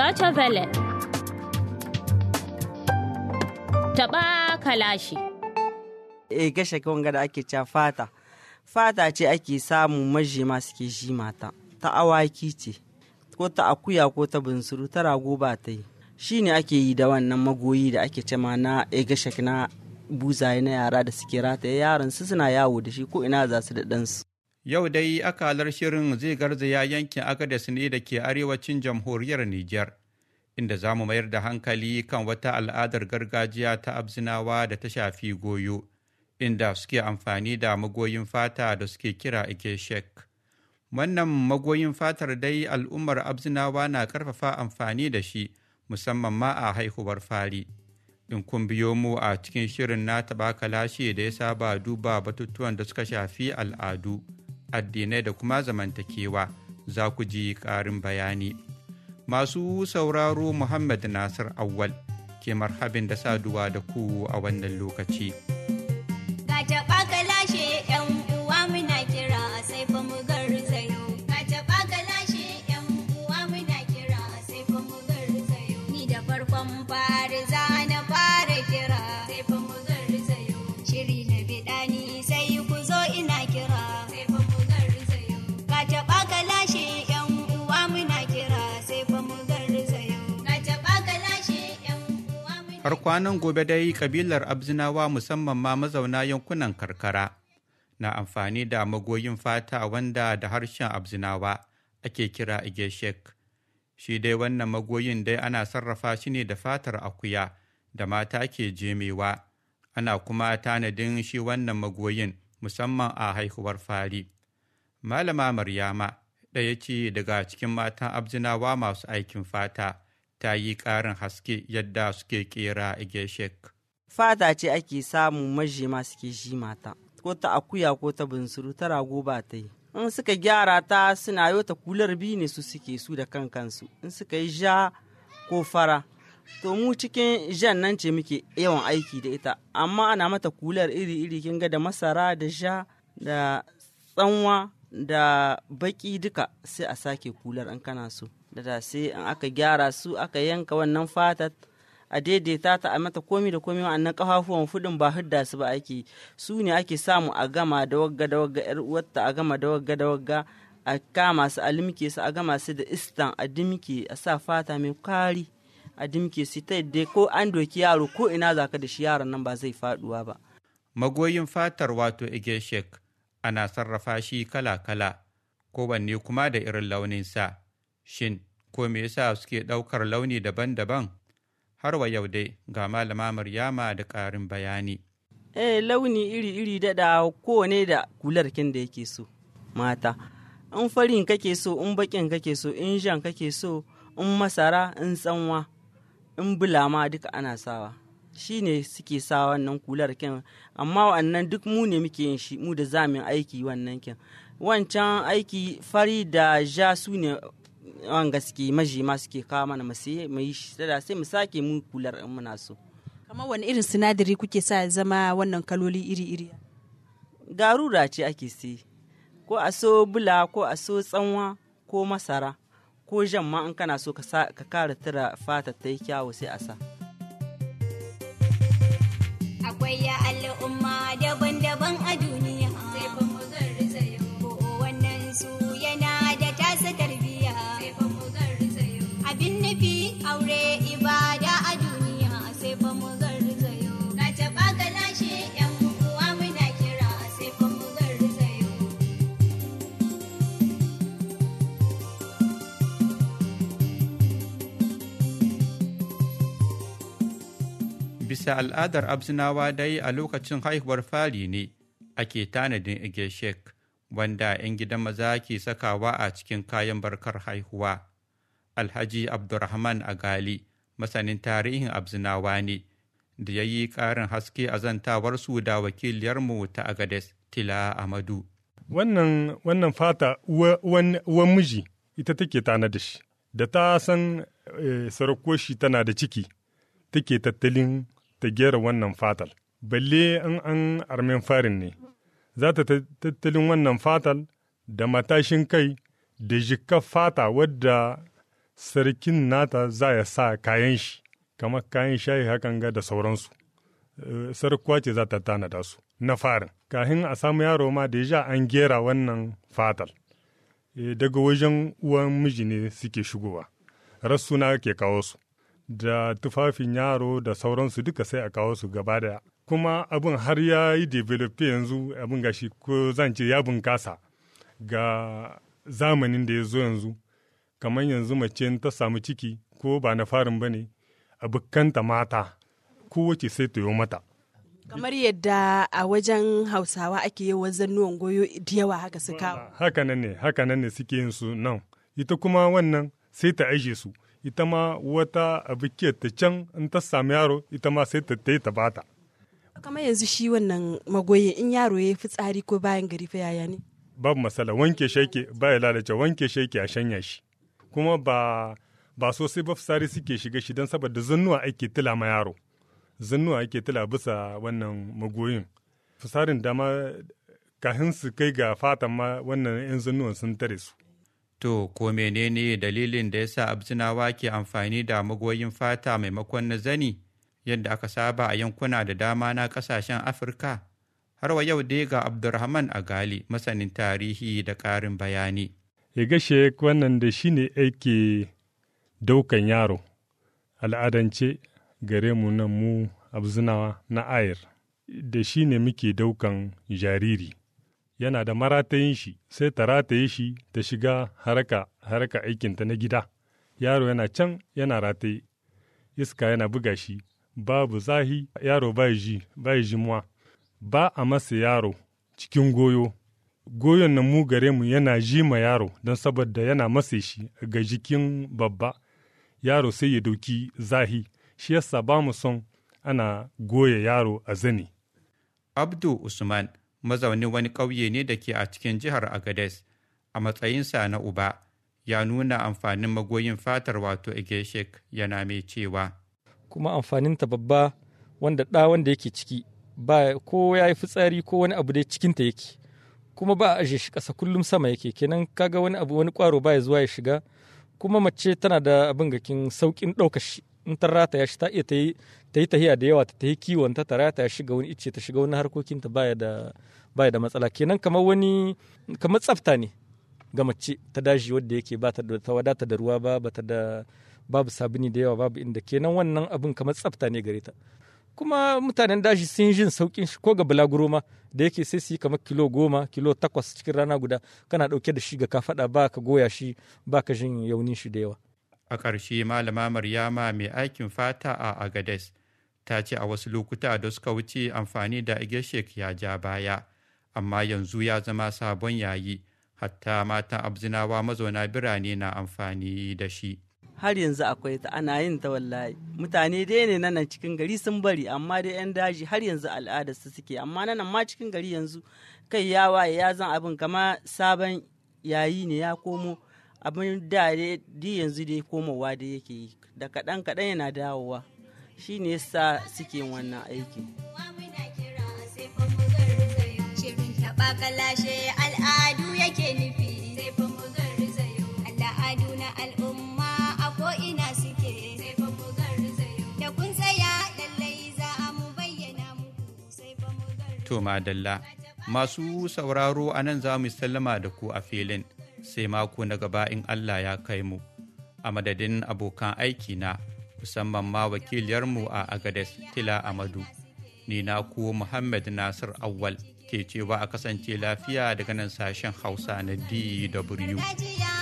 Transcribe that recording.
Deutsche Welle. Taɓa kalashi. E eh, gashe wanga da ake cewa fata. Fata ce ake samu majima suke ji mata. Ta awaki ce, ko ta akuya ko ta bunsuru ta rago ba ta yi. Shi ne ake yi da wannan magoyi da ake ma na e na buzaye na yara da suke rataye yaran su suna yawo da shi ko ina za su da ɗansu. Yau dai akalar shirin zai garzaya yankin Agadez ne da ke arewacin jamhuriyar Nijar, inda za mu mayar da hankali kan wata al'adar gargajiya ta Abzinawa da ta shafi goyo, inda suke amfani da magoyin fata da suke kira shek". Wannan magoyin fatar dai al'ummar Abzinawa na karfafa amfani da shi, musamman ma a haihuwar fari. in kun biyo mu a cikin shirin na taɓa kalashe da ya saba duba batutuwan da suka shafi al'adu addinai da kuma zamantakewa za ku ji ƙarin bayani. Masu sauraro Muhammad Nasir Awwal ke marhabin da saduwa da ku a wannan lokaci. har kwanan gobe dai kabilar abzinawa musamman ma mazauna yankunan karkara na amfani da magoyin fata wanda da harshen abzinawa ake kira igeshek shi dai wannan magoyin dai ana sarrafa shi ne da fatar akuya da mata ke jemewa ana kuma tanadin shi wannan magoyin musamman a haihuwar fari malama maryama ɗaya ce daga cikin matan abzinawa masu aikin fata ta yi ƙarin haske yadda suke ƙera geshek. Fata ce ake samu ma suke shi mata, ko ta akuya ko ta bunsuru ta rago ba ta yi. In suka gyara ta suna yau kular biyu ne su suke su da kankansu, kansu, in suka yi ja ko fara. To mu cikin jan nan ce muke yawan aiki da ita, amma ana mata kular iri-iri kin ga da masara da ja da tsanwa da baki duka sai a sake kular in kana so. da sai in aka gyara su aka yanka wannan fata a daidaita ta a mata komi da komi wa'annan kafafuwan fudin ba hudda su ba ake su ne ake samu a gama da wagga da wagga yar uwarta a gama da wagga da wagga a kama su a limke su a gama su da istan a dimke a sa fata mai kwari a dimke su ta yadda ko an doki yaro ko ina zaka da shi yaron nan ba zai faduwa ba magoyin fatar wato igeshek ana sarrafa shi kala-kala kowanne kuma da irin launin sa. Shin, ko me yasa suke ɗaukar launi daban-daban? Har wa yau dai ga malama Maryama da ƙarin bayani. Eh launi iri-iri daɗa kowane da kularkin da yake so, mata. In farin kake so, in bakin kake so, in jan kake so, in masara, in tsanwa, in bulama duka ana sawa. shi ne suke sa wannan kular kin amma wannan duk mu ne muke yin shi mu da zamin aiki wannan kin wancan aiki fari da ja su ne yawan gaske majima suke kawo mana mu sai mai shi da sai mu sake mu kular in muna so kamar wani irin sinadari kuke sa zama wannan kaloli iri-iri garura ce ake sai ko a so bula ko a so tsanwa ko masara ko jan ma in kana so ka kara tura fata ta yi kyawu sai a sa akwai ya al'umma da bisa al'adar abzinawa dai a lokacin haihuwar fari ne ake tanadin igeshek wanda 'yan gidan maza ke sakawa a cikin kayan barkar haihuwa alhaji abdurrahman agali masanin tarihin abzinawa ne da ya yi ƙarin haske a zantawar su da wakiliyarmu ta agades tila amadu wannan fata uwan miji ita take tana da shi da ta san eh, sarakoshi tana da ciki take tattalin ta gera wannan fatal balle in an armen farin ne za ta tattalin wannan fatal da matashin kai da jikka fata wadda sarkin nata za ya sa kayan shi kamar kayan shayi hakan ga da sauransu eh, sarkuwa ce za ta tanada su na farin kahin a samu yaro ma da ja an gera wannan fatal eh, daga wajen uwan miji ne suke shigowa rassuna ke kawo su da tufafin yaro da sauransu duka sai a kawo su gaba daya kuma abin har ya yi develope yanzu abin gashi ko zan ce ya bunkasa ga zamanin da ya zo yanzu kamar yanzu mace ta samu ciki ko ba na farin ba ne abukanta mata kowace sai ta yi mata kamar yadda a wajen hausawa ake yi wajen nuwan goyo da yawa haka su kawo haka ne haka ne suke yin su nan ita kuma wannan sai ta aje su ita ma wata ke ta can in ta sami yaro ita ma sai ta ta yi ta bata. kamar yanzu shi wannan magoyi in yaro ya yi fitsari ko bayan gari fa yaya ne. babu masala wanke sheke ba ya lalace wanke sheke a shanya shi kuma ba ba sosai ba fitsari suke shiga shi don saboda zannuwa ake tila ma yaro zannuwa ake tila bisa wannan magoyin fitsarin dama kahin su kai ga fatan ma wannan yan zannuwan sun tare su. To, ko menene dalilin da ya sa abzinawa ke amfani da magoyin fata maimakon na zani yadda aka saba a yankuna da dama na ƙasashen Afirka? Har wa yau dai ga Abdurrahman gali masanin tarihi da ƙarin bayani. Ya gashe wannan da shi ne aiki daukan yaro, al'adance gare mu nan mu abzinawa na ayir, da shi ne muke daukan jariri. yana da maratayin shi sai ta rataye shi ta shiga haraka haraka aikinta na gida yaro yana can yana rataye iska yana buga shi babu zahi yaro bai ji bai ba a masa yaro cikin goyo goyon na mu gare mu yana ji ma yaro don saboda yana masa shi ga jikin babba yaro sai ya dauki zahi shi yasa ba mu son ana goya yaro a zane abdu usman mazaunin wani ƙauye ne da ke a cikin jihar agades a matsayinsa na uba ya nuna amfanin magoyin fatar wato igeshek yana mai cewa kuma amfaninta babba wanda ɗa wanda yake ciki ba ko ya yi fitsari ko wani abu dai cikinta yake kuma ba a aje shi ƙasa kullum sama yake kenan kaga wani abu wani ƙwaro ba ya zuwa ya shiga kuma mace tana da abin gakin sauƙin ɗaukar shi in ta ya shi ta iya ta yi tahiya da yawa ta yi kiwon ta ta rataya shiga wani icce ta shiga wani harkokin ta baya da matsala kenan kamar wani kamar tsafta ne ga mace ta daji wadda yake ba ta da wadata da ruwa ba ta da babu sabuni da yawa babu inda kenan wannan abin kamar tsafta ne gare ta kuma mutanen daji sun jin saukin shi ko ga bulaguro ma da yake sai su yi kamar kilo goma kilo takwas cikin rana guda kana dauke da shi ga ka faɗa ba ka goya shi ba ka jin yaunin shi da yawa a ƙarshe malama maryama mai aikin fata a agades ta ce a wasu lokuta da suka wuce amfani da igeshek ya ja baya amma yanzu ya zama sabon yayi hatta mata abzinawa mazauna birane na amfani da shi har yanzu akwai ta ana yin ta wallahi mutane dai ne nan cikin gari sun bari amma dai yan daji har yanzu al'adar su suke amma nan ma cikin gari yanzu kai ya waye ya zan abin kama sabon yayi ne ya komo abin da di yanzu da ya da yake yi da kaɗan kaɗan yana dawowa shine sa suke wannan aiki al'adu yake nufi al'adu na al'umma a ko'ina suke da kun tsaya lallai za a mu bayyana muku sai ba mu masu sauraro a nan za mu sallama da ku a filin sai mako na gaba in Allah ya kai mu. A madadin abokan aiki na musamman ma wakiliyarmu a Agades Tila Amadu. Ni na ku Muhammad Nasir Awwal ke cewa a kasance lafiya daga nan sashen Hausa na DW.